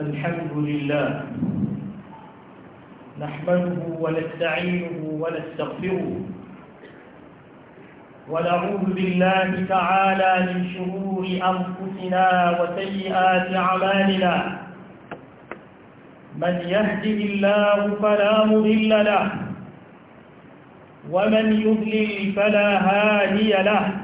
الحمد لله نحمده ونستعينه ونستغفره ونعوذ بالله تعالى من شرور أنفسنا وسيئات أعمالنا من يهده الله فلا مضل له ومن يضلل فلا هادي له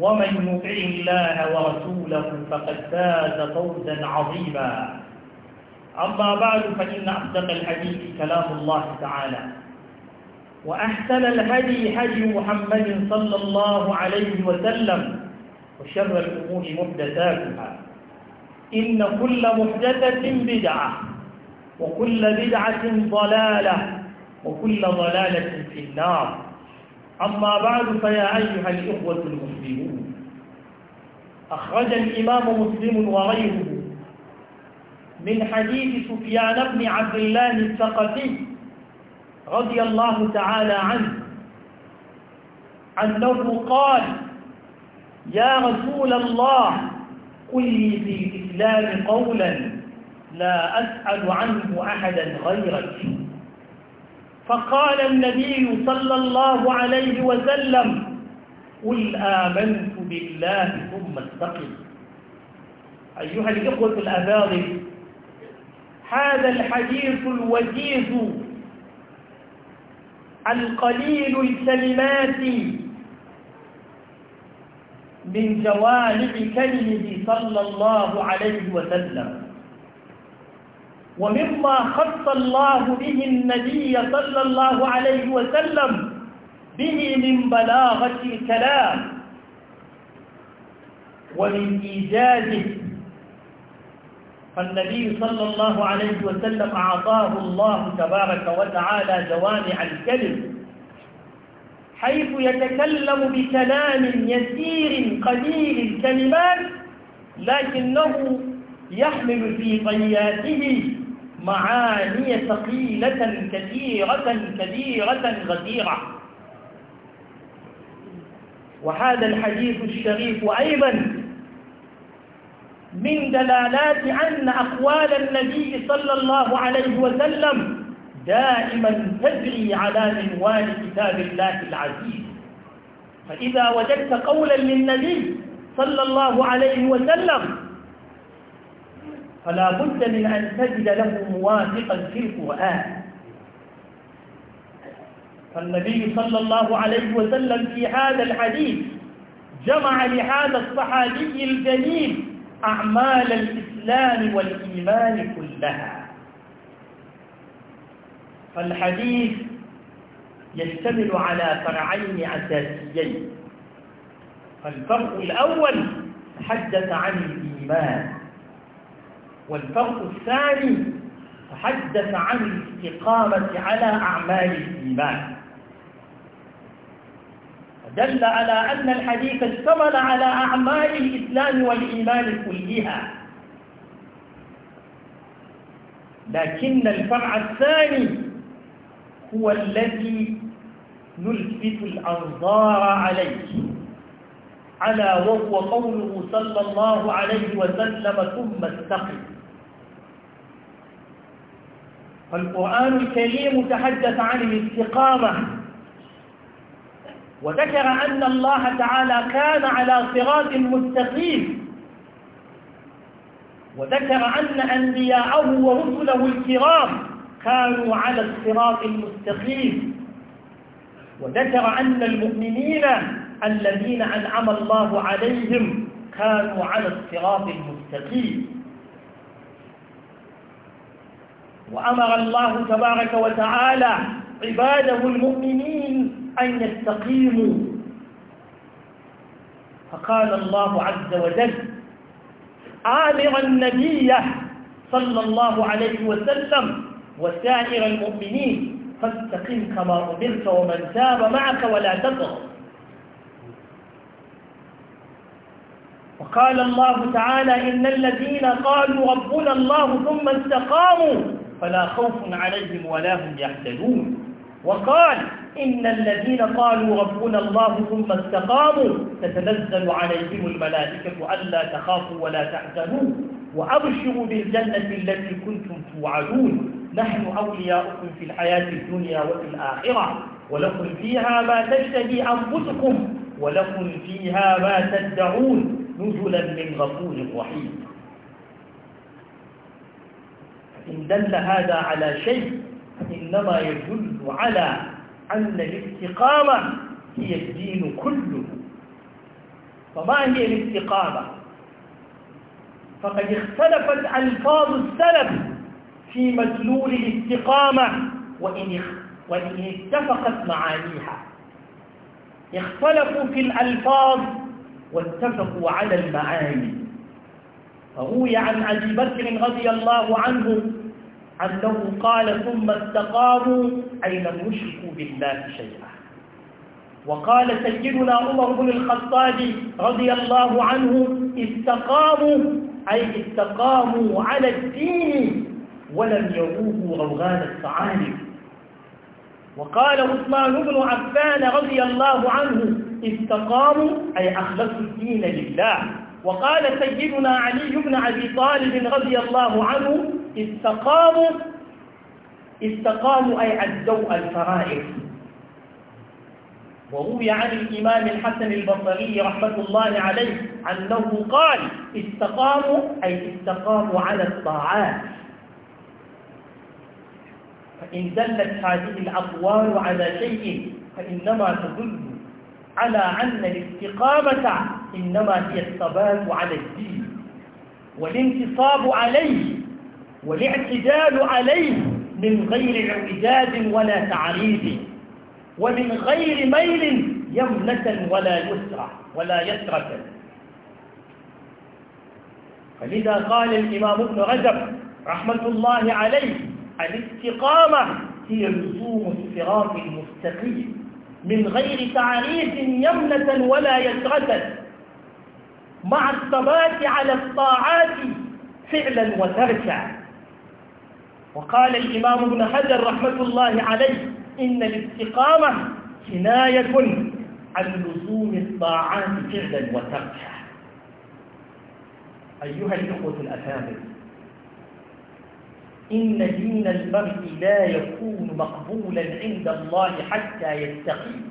ومن يطع الله ورسوله فقد فاز فوزا عظيما أما بعد فإن أصدق الحديث كلام الله تعالى وأحسن الهدي هدي محمد صلى الله عليه وسلم وشر الأمور محدثاتها إن كل محدثة بدعة وكل بدعة ضلالة وكل ضلالة في النار أما بعد فيا أيها الإخوة المسلمون أخرج الإمام مسلم وغيره من حديث سفيان بن عبد الله الثقفي رضي الله تعالى عنه أنه قال يا رسول الله قل لي في الإسلام قولا لا أسأل عنه أحدا غيرك فقال النبي صلى الله عليه وسلم قل آمنت بالله ثم استقم أيها الإخوة الأباضي هذا الحديث الوجيز القليل الكلمات من جوانب كلمه صلى الله عليه وسلم ومما خص الله به النبي صلى الله عليه وسلم به من بلاغة الكلام ومن إيجازه فالنبي صلى الله عليه وسلم أعطاه الله تبارك وتعالى جوامع الكلم حيث يتكلم بكلام يسير قليل الكلمات لكنه يحمل في طياته معاني ثقيلة كثيرة كبيرة غزيرة وهذا الحديث الشريف أيضا من دلالات أن أقوال النبي صلى الله عليه وسلم دائما تجري على منوال كتاب الله العزيز فإذا وجدت قولا للنبي صلى الله عليه وسلم فلا بد من أن تجد له موافقا في القرآن فالنبي صلى الله عليه وسلم في هذا الحديث جمع لهذا الصحابي الجليل أعمال الإسلام والإيمان كلها فالحديث يشتمل على فرعين أساسيين فالفرع الأول تحدث عن الإيمان والفرق الثاني تحدث عن الاستقامة على أعمال الإيمان دل على أن الحديث اشتمل على أعمال الإسلام والإيمان كلها لكن الفرع الثاني هو الذي نلفت الأنظار عليه على وهو قوله صلى الله عليه وسلم ثم استقم فالقرآن الكريم تحدث عن الاستقامة وذكر أن الله تعالى كان على صراط مستقيم وذكر أن أنبياءه ورسله الكرام كانوا على الصراط المستقيم وذكر أن المؤمنين الذين أنعم الله عليهم كانوا على الصراط المستقيم وأمر الله تبارك وتعالى عباده المؤمنين أن يستقيموا فقال الله عز وجل آمر النبي صلى الله عليه وسلم وسائر المؤمنين فاستقم كما أمرت ومن تاب معك ولا تضغط وقال الله تعالى إن الذين قالوا ربنا الله ثم استقاموا فلا خوف عليهم ولا هم يحزنون وقال إن الذين قالوا ربنا الله ثم استقاموا تتنزل عليهم الملائكة ألا تخافوا ولا تحزنوا وأبشروا بالجنة التي كنتم توعدون نحن أولياؤكم في الحياة الدنيا وفي الآخرة ولكم فيها ما تشتهي أنفسكم ولكم فيها ما تدعون نزلا من غفور رحيم إن دل هذا على شيء فإنما يدل على أن الاستقامة هي الدين كله فما هي الاستقامة فقد اختلفت ألفاظ السلف في مدلول الاستقامة وإن, وإن اتفقت معانيها اختلفوا في الألفاظ واتفقوا على المعاني فروي عن أبي بكر رضي الله عنه أنه قال ثم استقاموا أي لم يشركوا بالله شيئا وقال سيدنا عمر بن الخطاب رضي الله عنه استقاموا أي استقاموا على الدين ولم يروه روغان الثعالب وقال عثمان بن عفان رضي الله عنه استقاموا أي أخلصوا الدين لله وقال سيدنا علي بن أبي طالب رضي الله عنه استقاموا استقاموا أي عدوا الفرائض وروي عن الإمام الحسن البصري رحمة الله عليه أنه قال استقاموا أي استقاموا على الطاعات فإن دلت هذه الأقوال على شيء فإنما تدل على أن الاستقامة إنما هي الثبات على الدين والانتصاب عليه والاعتدال عليه من غير اعتداد ولا تعريض ومن غير ميل يمنة ولا يسرة ولا يسرة فلذا قال الإمام ابن رجب رحمة الله عليه الاستقامة هي لزوم الصراط المستقيم من غير تعريف يمنة ولا يسرة مع الثبات على الطاعات فعلا وتركا وقال الإمام ابن حجر رحمة الله عليه إن الاستقامة كناية عن لزوم الطاعات فعلا وتركها أيها الإخوة الأكابر إن دين المرء لا يكون مقبولا عند الله حتى يستقيم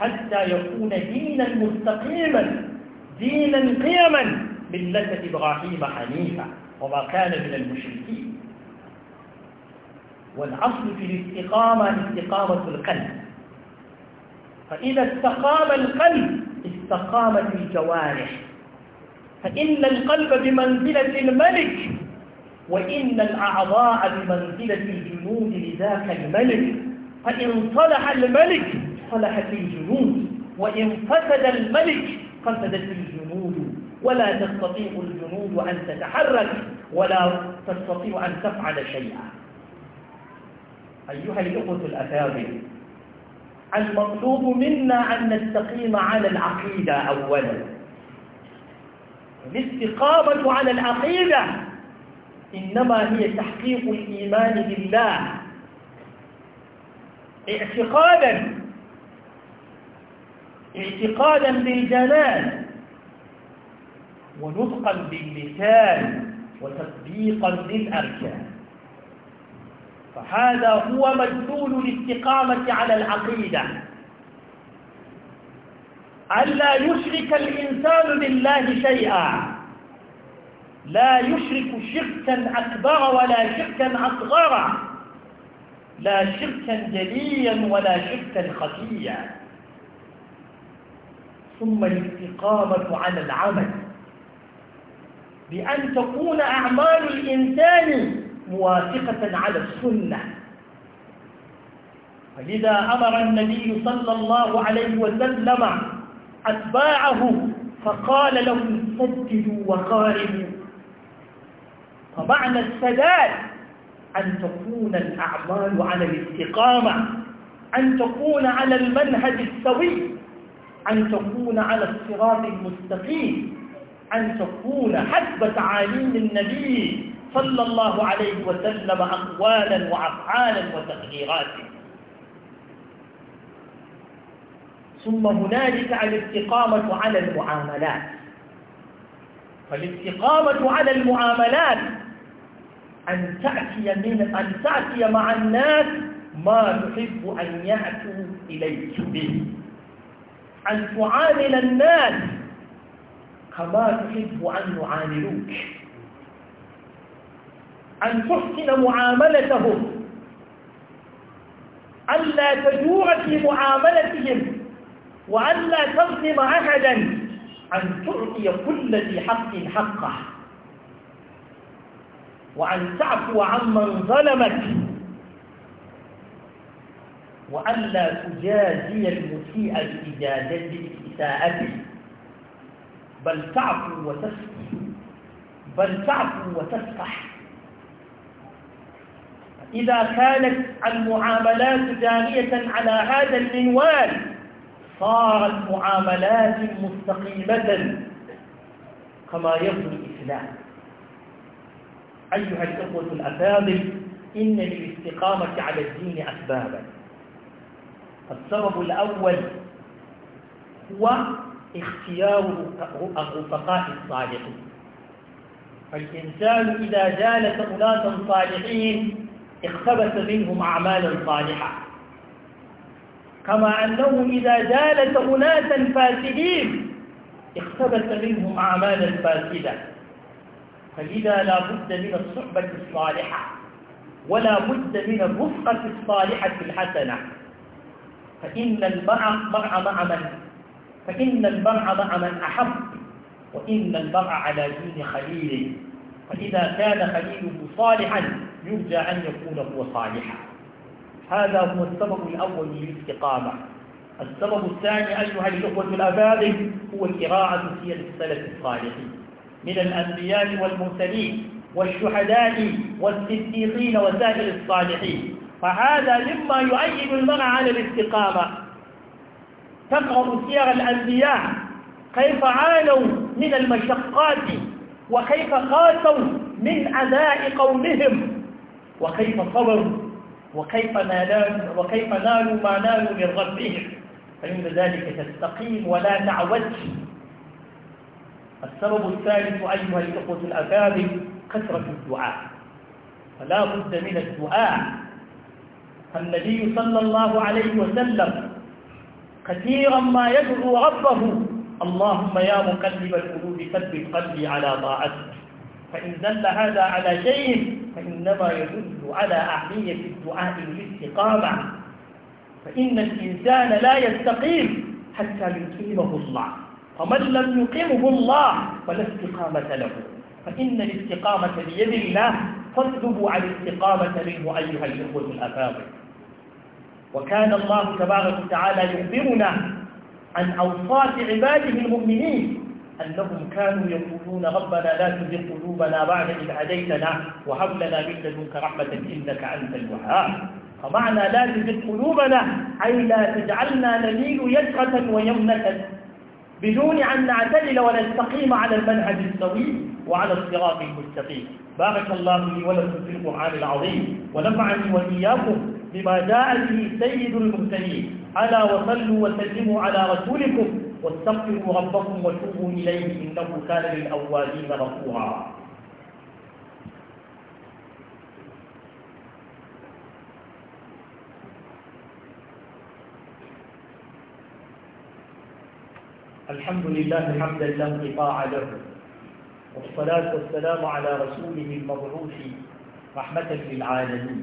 حتى يكون دينا مستقيما دينا قيما ملة إبراهيم حنيفا وما كان من المشركين والأصل في الاستقامة استقامة القلب فإذا استقام القلب استقامت الجوارح فإن القلب بمنزلة الملك وإن الأعضاء بمنزلة الجنود لذاك الملك فإن صلح الملك صلحت الجنود وإن فسد الملك فسدت الجنود ولا تستطيع الجنود أن تتحرك ولا تستطيع أن تفعل شيئا أيها الإخوة الأفاضل المطلوب منا أن نستقيم على العقيدة أولا الاستقامة على العقيدة إنما هي تحقيق الإيمان بالله اعتقادا اعتقادا بالجنان ونطقا باللسان وتطبيقا للأركان فهذا هو مدلول الاستقامة على العقيدة ألا يشرك الإنسان بالله شيئا لا يشرك شركا أكبر ولا شركا أصغر لا شركا جليا ولا شركا خفيا ثم الاستقامة على العمل بأن تكون أعمال الإنسان موافقة على السنة فلذا أمر النبي صلى الله عليه وسلم أتباعه فقال لهم سددوا وقاربوا فمعنى السداد أن تكون الأعمال على الاستقامة أن تكون على المنهج السوي أن تكون على الصراط المستقيم أن تكون حسب تعاليم النبي صلى الله عليه وسلم أقوالا وأفعالا وتقديرات ثم هنالك الاستقامة على المعاملات فالاستقامة على المعاملات أن تأتي, من أن تأتي مع الناس ما تحب أن يأتوا إليك به أن تعامل الناس كما تحب أن يعاملوك أن تحسن معاملتهم ألا تجور في معاملتهم وألا تظلم أحدا أن تعطي كل ذي حق حقه وأن تعفو عمن ظلمك وألا تجازي المسيء بإساءته بل تعفو وتسكي بل تعفو وتسكح إذا كانت المعاملات جارية على هذا المنوال صارت معاملات مستقيمة كما يرضي الإسلام أيها الإخوة الأفاضل إن للاستقامة على الدين أسبابا السبب الأول هو اختيار الرفقاء الصالحين فالإنسان إذا جالس أولاة صالحين اقتبس منهم أعمالا صالحة كما أنه إذا جالس أناسا فاسدين اقتبس منهم أعمالا فاسدة فلذا لا بد من الصحبة الصالحة ولا بد من الرفقة الصالحة الحسنة فإن المرء مع من فإن المرء مع من أحب وإن المرء على دين خليله فإذا كان خليله صالحا يرجى أن يكون هو صالحا هذا هو السبب الأول للاستقامة السبب الثاني أيها الأخوة الأباذل هو القراءة في السلف الصالحين من الأنبياء والمرسلين والشهداء والصديقين وسائر الصالحين فهذا مما يؤيد المرء على الاستقامة تقرأ سير الأنبياء كيف عانوا من المشقات وكيف قاسوا من أذاء قومهم وكيف صبروا وكيف نالوا وكيف نالوا ما نالوا من ربهم فإن ذلك تستقيم ولا تعوج السبب الثالث أيها الإخوة الأكابر كثرة الدعاء فلا بد من الدعاء النبي صلى الله عليه وسلم كثيرا ما يدعو ربه اللهم يا مقلب القلوب ثبت قلبي على طاعتك فإن دل هذا على شيء فإنما يدل على أهمية الدعاء الاستقامة فإن الإنسان لا يستقيم حتى يقيمه الله فمن لم يقيمه الله فلا استقامة له فإن الاستقامة بيد الله فاطلبوا على الاستقامة منه أيها الإخوة الأفاضل وكان الله تبارك وتعالى يخبرنا عن أوصاف عباده المؤمنين أنهم كانوا يقولون ربنا لا تزغ قلوبنا بعد إذ هديتنا وهب لنا من لدنك رحمة إنك أنت الوهاب فمعنى لا تزغ قلوبنا أي لا تجعلنا نميل يسرة ويمنة بدون أن نعتدل ونستقيم على المنهج السوي وعلى الصراط المستقيم بارك الله لي ولكم في القرآن العظيم ونفعني وإياكم بما جاء به سيد المرسلين ألا وصلوا وسلموا على رسولكم واستغفروا ربكم وتوبوا إليه إنه كان للأوابين غفورا الحمد لله حمدا لا انقطاع له والصلاة والسلام على رسوله المبعوث رحمة للعالمين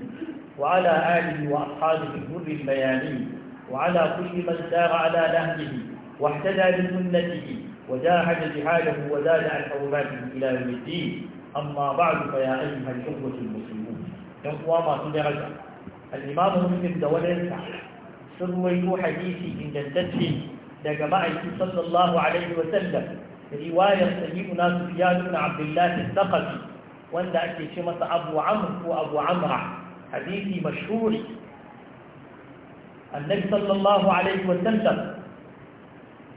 وعلى آله وأصحابه الغر الميامين وعلى كل من سار على نهجه واحتدى بسنته وجاهد جهاده وزاد عن حرماته إلى يوم الدين أما بعد فيا أيها الإخوة المسلمون يقوى ما تدرجة الإمام مسلم دولة سروي حديثي إن جدته لجماعة صلى الله عليه وسلم رواية سيدنا سفيان بن عبد الله الثقفي وأن أكي شمس أبو عمرو وأبو عمرة حديثي مشهور النبي صلى الله عليه وسلم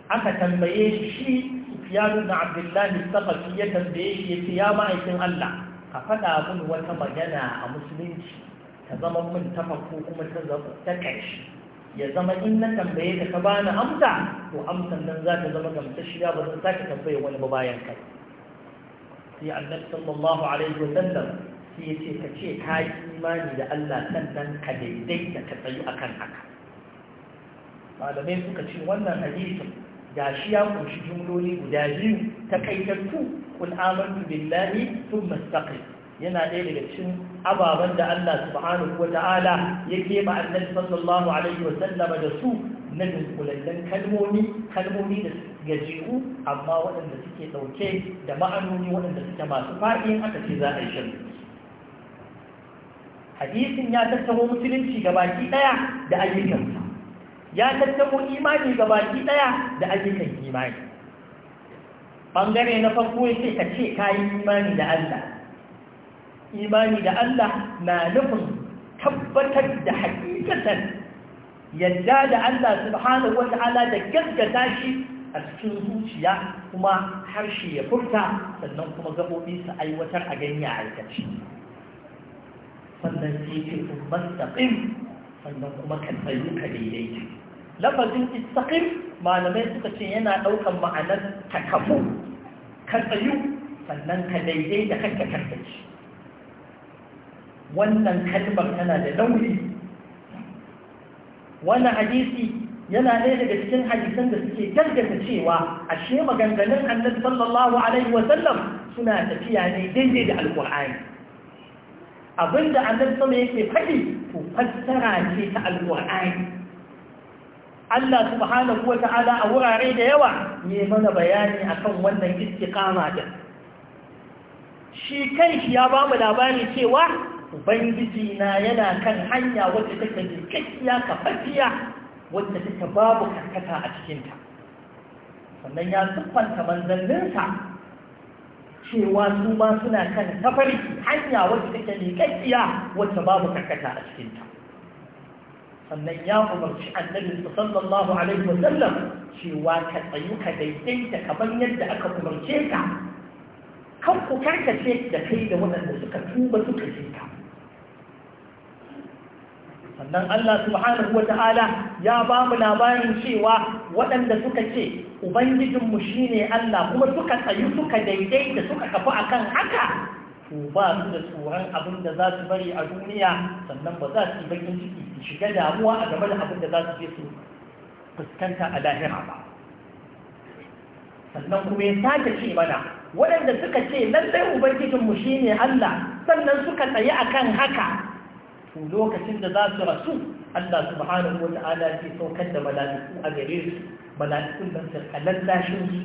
aka tambaye shi shi sufiyanu na abdullahi sakafi ya tambaye shi ya ce ya ma'aikin allah ka faɗa min wata magana a musulunci ta zama min ta kuma ta zama ta ƙarshe ya zama in na tambaye ka ka bani amsa to amsan nan za ta zama gamsashiya ba zan sake tambaye wani ba bayan kai sai annabi sallallahu alaihi wa sallam sai ya ce ka ce ka yi imani da Allah sannan ka daidaita ka tsayu akan haka malamai suka ce wannan hadisin gashi ya kunshi jumloli guda biyu ta kul amantu billahi sun istaqim yana ɗaya daga cikin ababen da Allah subhanahu ta'ala ya keɓe annabi sallallahu alaihi wa sallama da su na dunkulallen kalmomi kalmomi da gajeru amma waɗanda suke ɗauke da ma'anoni waɗanda suke masu faɗi aka ce za a yi shirin hadisin ya tattaro musulunci ga baki ɗaya da ayyukansa ya tattabo imani ga baki daya da ayyukan imani bangare na farko yake ka ce kayi imani da Allah imani da Allah na nufin tabbatar da hakikatan yadda da Allah subhanahu wata'ala da gaskata shi a cikin zuciya kuma harshe ya furta sannan kuma gabobi su aiwatar a ganye a aikace sannan sai ce kun mastaqim sannan kuma kan tsayu daidaita lafazin istaƙin malamai suka ce yana ɗaukan ma'anar ta kafu ka tsayu sannan ka daidai da kanka karkaci wannan kalmar tana da nauyi wannan hadisi yana ɗaya daga cikin hadisan da suke gargata cewa ashe maganganun annabi sallallahu alaihi wa sallam suna tafiya ne daidai da alƙur'ani abinda annabi sama yake faɗi to fassara ce ta alƙur'ani Allah subhanahu wata'ala a wurare da yawa ne mana bayani akan wannan istiqama din shi kanshi ya ba mu labari cewa ubangiji na yana kan hanya wacce take jikakkiya kafafiya wacce take babu karkata a cikinta sannan ya siffanta manzanninsa cewa su ma suna kan tafarki hanya wacce take jikakkiya wacce babu karkata a cikinta sannan ya umarci annabi sallallahu alaihi wasallam cewa ka tsayu ka daidaita kamar yadda aka umarce ka kan ku karkace da kai da waɗanda suka tuba suka ce ka sannan Allah subhanahu wa ta'ala ya ba mu labarin cewa waɗanda suka ce ubangijinmu shine Allah kuma suka tsayu suka daidaita suka kafa akan haka to ba su da tsoron abin da za su bari a duniya sannan ba za su yi bakin ciki su shiga damuwa a game da abin da za su je su fuskanta a lahira ba sannan kuma ya sake ce mana waɗanda suka ce lallai ubangijinmu shi ne Allah sannan suka tsaye akan haka to lokacin da za su rasu Allah subhanahu wa ta'ala ke saukar da mala'iku a gare su mala'ikun nan su kallallashin su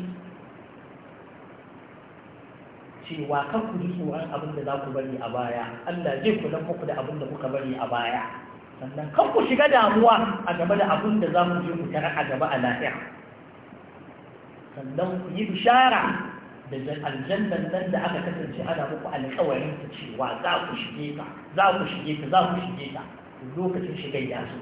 cewa kan ku ji tsoron abin da za ku bari a baya Allah zai kula muku da abin da kuka bari a baya sannan kan ku shiga damuwa a game da abin da za ku je ku tara a gaba a lafiya sannan ku yi bishara da aljannan nan da aka kasance ana muku alƙawarin ta cewa za ku shige ta za ku shige ta za ku shige ta lokacin shigar ya zo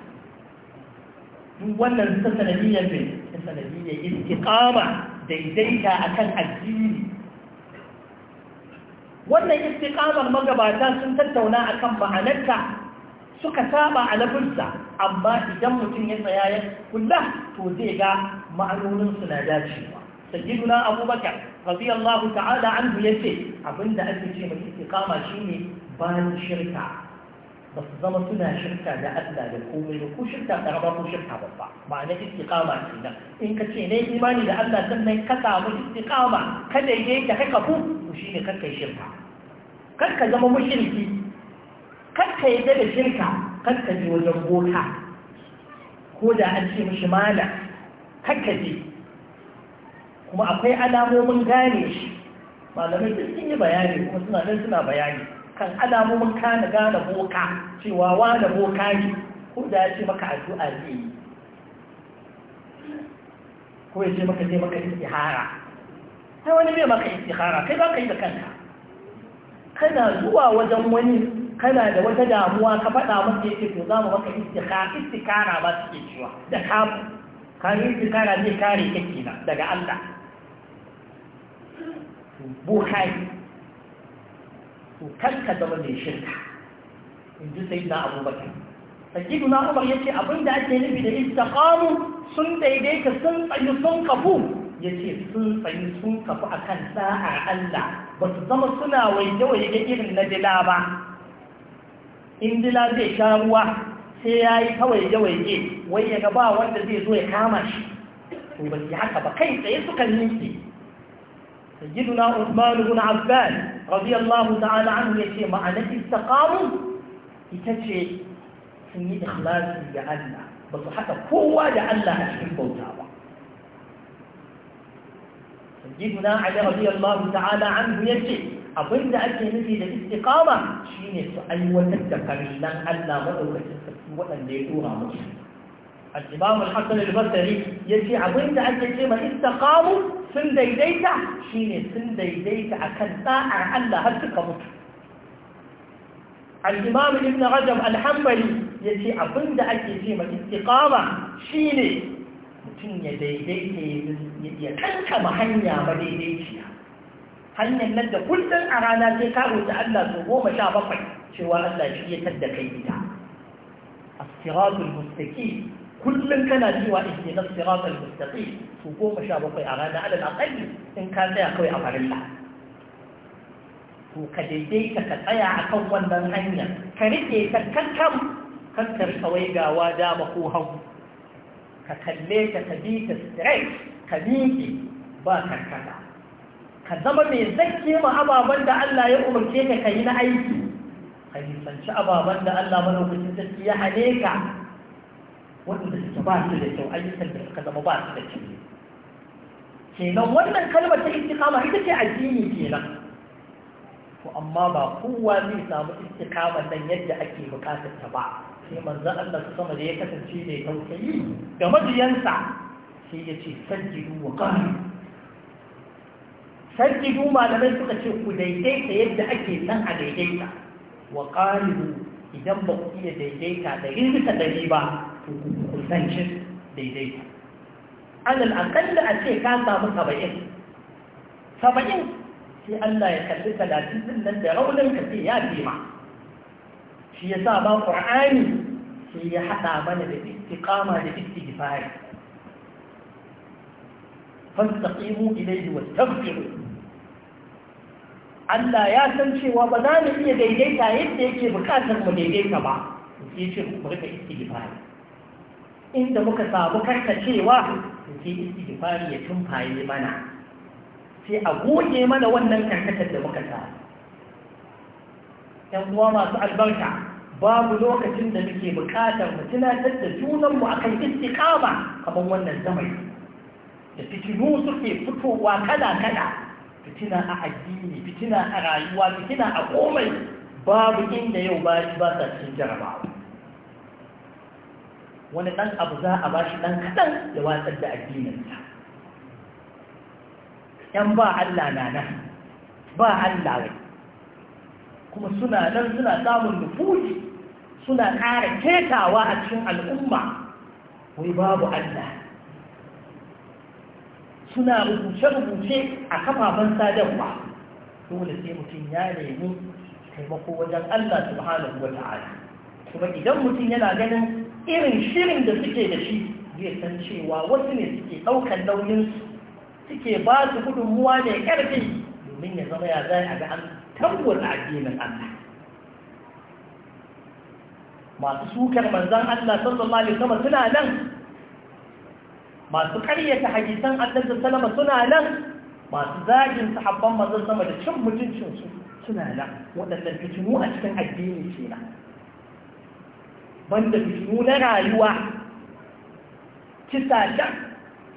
duk wannan ta sanadiyyar ne ta sanadiyyar istiqama daidaita akan addini wannan istiqamar magabata sun tattauna akan ma'anarta suka saba a lafinsa amma idan mutum ya tsaya ya kula to zai ga ma'anoninsu na dacewa sayyiduna abubakar radiyallahu ta'ala ya ce abinda ake ce mai istiqama shine bayan shirka ba su zama suna shirka da Allah da komai da ko shirka karama ko shirka ba ma'ana istiqama kenan in ka ce ne imani da Allah sannan ka samu istiqama kada yake ka kafu to ne kakkai shirka kar ka zama mushirki kar ka yadda shirka kar ka je wajen boka ko da an ce mishi mala kar ka je kuma akwai alamomin gane shi malamai duk sun yi bayani kuma suna nan suna bayani kan alamomin kana gane boka cewa wane boka ne ko da ya ce maka addu'a zai yi ko ya ce maka zai maka istihara sai wani bai maka istihara kai ba ka yi da kanka kana zuwa wajen wani kana da wata damuwa ka faɗa masa yake to za mu maka istikara istikara ba su ke cewa da kafu kan istikara zai kare ka kenan daga Allah bukai to kanka zama mai shirka in ji sai na abubakar sajidu na umar ya ce abinda ake nufi da istiqamu sun daidaita sun tsayu sun kafu ya ce sun tsayi sun kafu a kan sa'ar Allah ba su zama suna waje-waje da irin na dila ba in dila zai sha ruwa sai ya yi ta waje wai ya ga ba wanda zai zo ya kama shi to ba su haka ba kai tsaye suka Da giduna Usman ibn Affan radiyallahu ta'ala anhu yace ma'anar istiqamu ita ce sun yi ikhlasi ga Allah ba su haɗa kowa da Allah a cikin bauta ba sayyiduna ali radiyallahu ta'ala anhu yace abin da ake nufi da istiqama shine su aiwatar da karilan Allah madaukakin sarki waɗanda ya tura musu al-imam al-hasan al-basri yace abin da ake ce ma istiqamu sun daidaita shine sun daidaita akan da'ar Allah har suka mutu al-imam ibn rajab al-hanbali yace abin da ake ce ma istiqama shine mutum ya daidaita ya ya kankama hanya madaidaiciya. hanyar nan da kullum a rana sai ka roƙi Allah su goma sha bakwai cewa Allah shi ya tadda kai gida A siratul mustaki, kullum kana cewa ihdina na siratal mustaki. su goma sha bakwai a rana alal aqalli in ka tsaya kawai a farilla to ka daidaita ka tsaya akan wannan hanya ka rike ta kankan kankar kawai gawa dama ko hagu ka kalle ta ka bi ta straight ka miƙe ba karkata ka zama mai zakke ma ababen da Allah ya umarce ka ka yi na aiki ka nisanci ababen da Allah malaukacin sarki ya hane ka waɗanda suke ba su da kyau ayyukan da suka zama ba su da kyau kenan wannan kalmar ta istiqama ita ce addini kenan to amma ba kowa zai samu istiqama nan yadda ake bukatar ta ba sai manzon Allah sama da ya kasance mai tausayi ga mabiyansa sai ya ce sajjidu wa ƙari sajjidu malamai suka ce ku daidaita yadda ake nan a daidaita wa ƙari idan ba ku iya daidaita da rinka dari ba to ku kusancin daidaita alal aƙalla a ce ka samu saba'in saba'in sai Allah ya kalli talatin din nan da raunin ka sai ya bima. shi ya sa ba ƙur'ani sai ya haɗa mana da istiƙama da istighfari fastaqimu ilayhi wastaghfiru Allah ya san cewa ba za mu iya daidaita yadda yake bukatar mu daidaita ba sai ce mu rika istighfari inda muka samu cewa sai istighfari ya tumfaye mana sai a goge mana wannan karkatar da muka samu ‘yan uwa masu albarka babu lokacin da muke bukatar mu tunatar da junanmu akan istiqama kamar wannan zamani da fitinu suke fitowa kala-kala fitina a addini fitina a rayuwa fitina a komai babu inda yau ba shi ba sa cikin jarabawa wani ɗan abu za a ba shi ɗan kaɗan ya watsar da addininsa ‘yan ba Allah na nan ba Allah ne. kuma suna nan suna samun nufuji suna ƙara ketawa a cikin al'umma wai babu Allah suna rubuce-rubuce a kafafen sadarwa dole sai mutum ya nemi taimako wajen Allah subhanahu wa ta'ala kuma idan mutum yana ganin irin shirin da suke da shi zai san cewa wasu ne suke ɗaukar nauyinsu suke ba su gudunmuwa ne ƙarfi domin ya zama ya zai a ga an tambuwar addinin Allah masu sukar manzan Allah sallallahu alaihi wasallam suna nan masu karyata hadisan annabi sallama suna nan masu zagin sahabban mazan sama da cin mutuncin suna nan waɗannan fitinu a cikin addini ce na banda fitinu na rayuwa kisa ta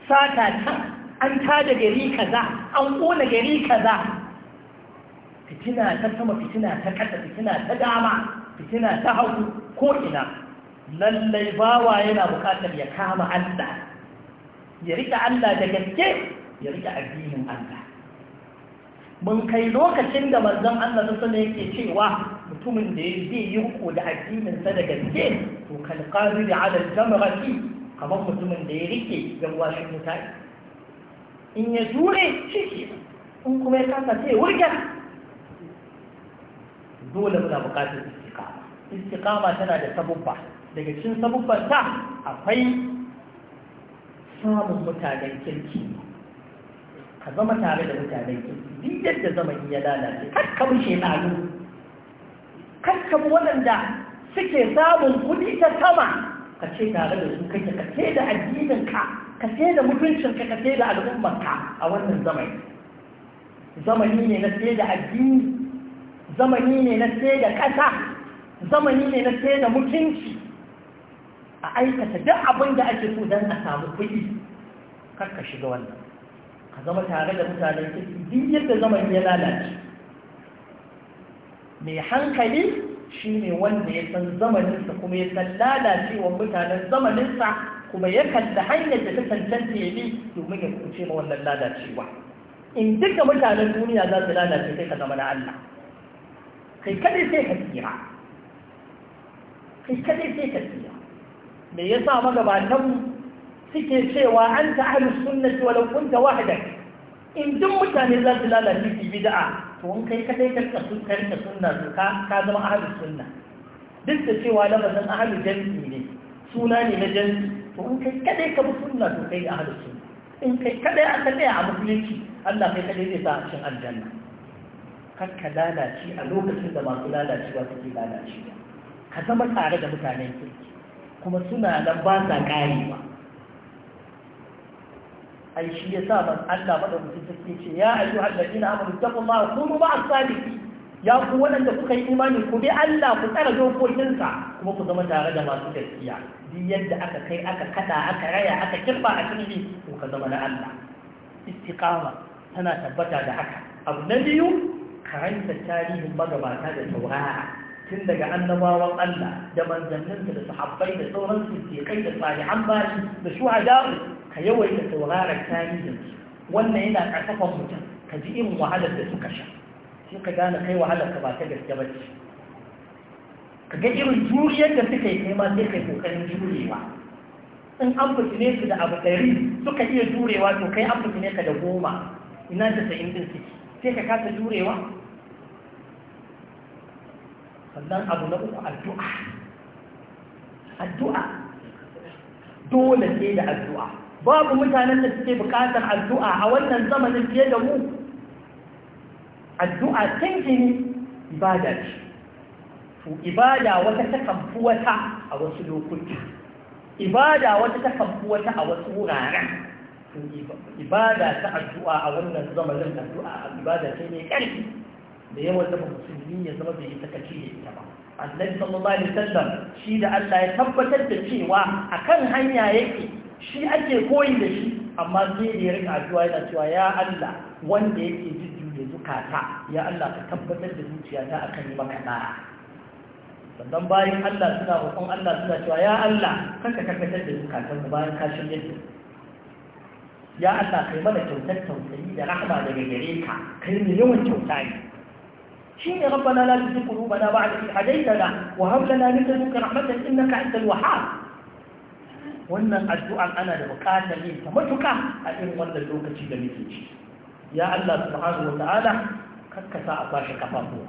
sata ta an tada gari kaza an kona gari kaza fitina ta sama fitina ta ƙasa, fitina ta dama fitina ta hau ko ina lallai bawa yana buƙatar ya kama Allah ya rika Allah da gaske ya rika addinin Allah mun kai lokacin da manzon Allah ta sanar yake cewa mutumin da ya zai yi riko da addinin sa da gaske to kal qadir ala jamrati kamar mutumin da ya rike garwashin mutane in ya jure shi in kuma ya kasa sai wurga dole muna bukatar istiqama istiqama tana da sabubba daga cikin sabubbanta akwai samun mutanen kirki ka zama tare da mutanen kirki duk yadda zaman ya lalace kakkabu shekaru kakkabu waɗanda suke samun kuɗi ta sama ka ce tare da su kake ka ce da addininka ka ce da mutuncinka ka ce da al'ummarka a wannan zamani zamani ne na ce da addini zamani ne na ce da ƙasa zamani ne na ce da mutunci a aikata duk abin da ake so don a samu kuɗi kar ka shiga wannan ka zama tare da mutanen kirki duk yadda zaman ya lalace mai hankali shi ne wanda ya san zamaninsa kuma ya san lalacewa mutanen zamaninsa kuma ya kalla hanyar da ta cancanta ya bi domin ya kuce ma wannan lalacewa in duka mutanen duniya za su lalace sai ka zama na Allah kai kadai sai ka tsira kai kadai sai ka tsira me yasa magabatan suke cewa an ta ahli sunnati walau kunta wahidak in duk mutane za su lalace su bid'a to in kai kadai ka kasu ka sunna to ka ka zama ahli sunna duk da cewa lafazin ahli jami'i ne suna ne na jami'i to in kai kadai ka bi sunna to kai ahli sunna in kai kadai aka tsaya a musulunci Allah kai kadai zai sa a cikin aljanna ka lalace a lokacin da masu lalacewa suke lalacewa ka zama tare da mutanen kirki kuma suna nan ba sa ƙarewa ai shi ya sa ban Allah madaukakin sarki ce ya ayyu alladina amanu taqullaha kunu ma'a sadiqin ya ku waɗanda kuka yi imani ku bi Allah ku tsara dokokinsa kuma ku zama tare da masu gaskiya Bi yadda aka kai aka kada aka raya aka kirba a cikin ku ka zama na Allah istiqama tana tabbata da haka abu na biyu karanta tarihin magabata da taurara tun daga annabawan Allah da manzanninsa da sahabbai da sauran kai da salihan bashi da shuhada'u ka yawaita sauraron tarihin wannan yana ƙasafan mutum ka ji irin wahalar da suka sha sai ka gane kai wahalar ka ba ta gaske ba ce ka ga irin juriyar da suka yi kai ma sai kai kokarin jurewa in an fitine su da abu ɗari suka iya jurewa to kai an fitine ka da goma ina ta sa'in din suke sai ka kasa jurewa sannan abu na uku addu'a addu'a dole sai da addu'a babu mutanen da suke bukatar addu'a a wannan zamanin fiye da mu addu'a tankini ibada ce to ibada wata ta kamfi wata a wasu lokuta ibada wata ta kamfi wata a wasu wuraren ibada ta addu'a a wannan zamanin addu'a ibada ce mai ƙarfi da yawan zama musulmi ya zama bai yi sakaci da ita ba annabi sallallahu alaihi wasallam shi da Allah ya tabbatar da cewa akan hanya yake shi ake koyi da shi amma sai da ya rika addu'a yana cewa ya Allah wanda yake da zukata ya Allah ka tabbatar da zuciyata akan yi maka da'a sannan bayan Allah suna hukun Allah suna cewa ya Allah kanka tabbatar da zukatan mu bayan ka shirye su ya Allah kai mana kyautar tausayi da rahama daga gare ka kai ne yawan kyauta ne شيء ربنا لا تزغ قلوبنا بعد إذ هديتنا وهب لنا من لدنك رحمة إنك أنت الوهاب wannan addu'an ana da bukatar yin ta matuka a irin wannan lokaci da muke ci ya Allah subhanahu wata'ala kakkasa a kwashe kafafu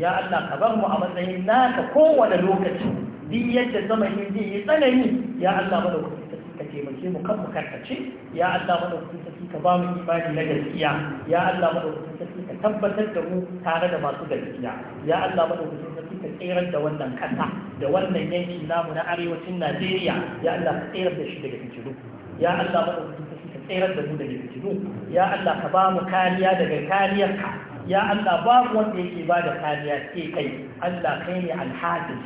ya Allah ka bar mu a matsayin naka kowane lokaci duk yi ya Allah kuɗi ka taimake mu kan mu ce. ya Allah madaukakin sarki ka ba mu imani na gaskiya ya Allah madaukakin sarki ka tabbatar da mu tare da masu gaskiya ya Allah madaukakin sarki ka tsirar da wannan kasa da wannan yanki namu na arewacin Najeriya ya Allah ka tsirar da shi daga fitilu ya Allah madaukakin sarki ka tsirar da mu daga fitilu ya Allah ka ba mu kariya daga kariyarka ya Allah babu wanda yake ba da kariya sai kai Allah kai ne alhadis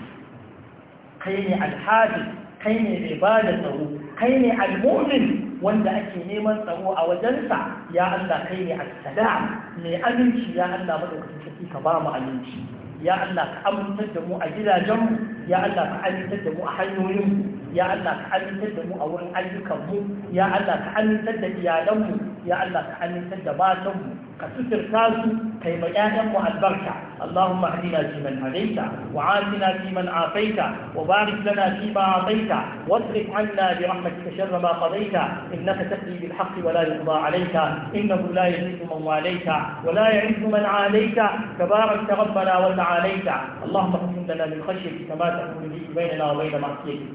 kai ne alhadis kai ne mai ba da tsaro kai ne almomin wanda ake neman tsaro a wajensa ya Allah kai ne as-salam mai aminci ya Allah madaukakin ka ba mu aminci ya Allah ka amintar da mu a gidajenmu ya Allah ka amintar da mu a hanyoyinmu ya Allah ka amintar da mu a wurin ayyukanmu ya Allah ka amintar da iyalanmu يا الله تحني تجباتهم كسر كاسو كي مجاهم وأدبرك اللهم اهدنا فيمن هديت وعافنا فيمن عافيت وبارك لنا فيما أعطيت واصرف عنا برحمتك شر ما قضيت إنك تقضي بالحق ولا يقضى عليك إنه لا يزيد من واليت ولا يعز من عاليت تبارك ربنا وتعاليت اللهم اغفر لنا من خشيتك كما تكون بيننا وبين معصيتك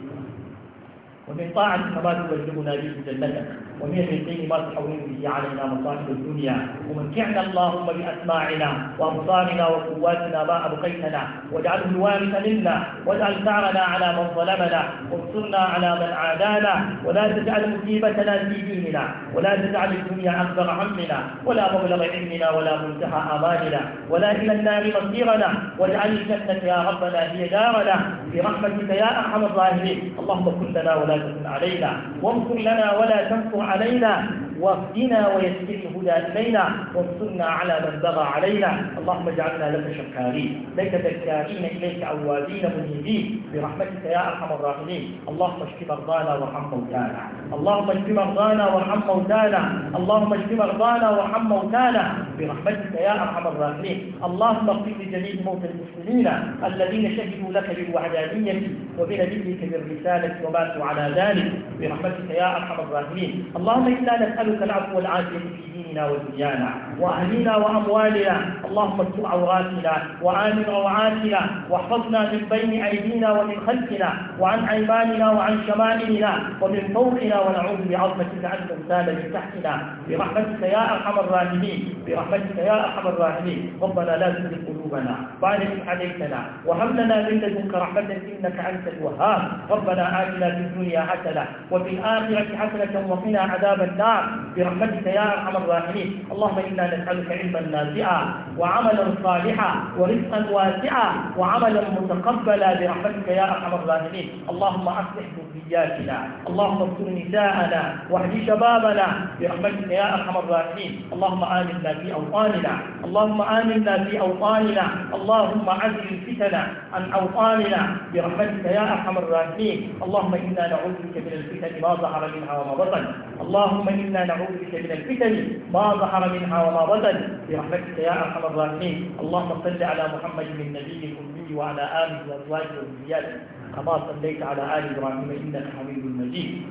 ومن طاعتك ما تبلغنا به جنتك ومن الرزقين ما تحول به علينا مصائب الدنيا ومتعنا اللهم بأسماعنا وأبصارنا وقواتنا ما أبقيتنا واجعله الوارث منا واجعل ثارنا على من ظلمنا وانصرنا على من عادانا ولا تجعل مصيبتنا في ديننا ولا تجعل الدنيا أكبر همنا ولا مبلغ علمنا ولا منتهى آمالنا ولا إلى النار مصيرنا واجعل الجنة يا ربنا هي دارنا برحمتك يا أرحم الراحمين اللهم كن لنا ولا تكن علينا وانصر لنا ولا تنصر 好的，医生。واهدنا ويسر الهدى إلينا وانصرنا على من بغى علينا اللهم اجعلنا لك شكارين لك ذكارين إليك أوابين منيبين برحمتك يا أرحم الراحمين اللهم اشف مرضانا وارحم موتانا اللهم اشف مرضانا وارحم موتانا اللهم اشف مرضانا وارحم موتانا برحمتك يا أرحم الراحمين اللهم اغفر لجميع موتى المسلمين الذين شهدوا لك بالوحدانية وبنبيك بالرسالة وماتوا على ذلك برحمتك يا أرحم الراحمين اللهم إنا نسألك نسألك العفو والعافية في ديننا ودنيانا وأهلنا وأموالنا اللهم استر عوراتنا وآمن روعاتنا واحفظنا من بين أيدينا ومن خلفنا وعن أيماننا وعن شمائلنا ومن فوقنا ونعوذ بعظمتك أن نغتال من تحتنا برحمتك يا أرحم الراحمين برحمتك يا أرحم الراحمين ربنا لا تزغ قلوبنا بارك عليكنا وهب لنا من لدنك رحمة إنك أنت الوهاب ربنا آتنا في الدنيا حسنة وفي الآخرة حسنة وقنا عذاب النار برحمتك يا أرحم الراحمين اللهم إنا نسألك علما نافعا وعملا صالحا ورزقا واسعا وعملا متقبلا برحمتك يا أرحم الراحمين اللهم أصلح ذرياتنا اللهم اغفر نساءنا واهد شبابنا برحمتك يا أرحم الراحمين اللهم آمنا في أوطاننا اللهم آمنا في أوطاننا اللهم عزل الفتن عن أوطاننا برحمتك يا أرحم الراحمين اللهم إنا نعوذ بك من الفتن ما ظهر منها وما بطن اللهم إنا نعوذ بك من الفتن ما ظهر منها وما بطن برحمتك يا أرحم الراحمين اللهم صل على محمد من نبي الأمي وعلى آله وأزواجه وذرياته كما صليت على آل إبراهيم إنك حميد مجيد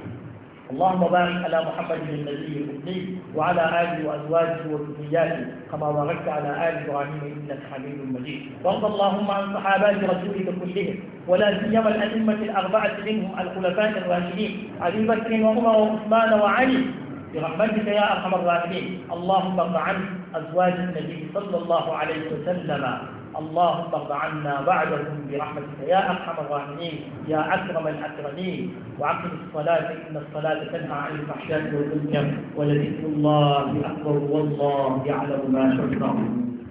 اللهم بارك على محمد النبي الأمي وعلى آله وأزواجه وذرياته كما باركت على آل إبراهيم إنك حميد مجيد وارض اللهم عن صحابات رسولك كلهم ولا سيما الأئمة الأربعة منهم الخلفاء الراشدين أبي بكر وعمر وعثمان وعلي برحمتك يا أرحم الراحمين اللهم ارض عن أزواج النبي صلى الله عليه وسلم اللهم ارض عنا بعدهم برحمتك يا أرحم الراحمين يا أكرم الأكرمين واقم الصلاة إن الصلاة تنهى عن الفحشاء والمنكر ولذكر الله أكبر والله يعلم ما تصنعون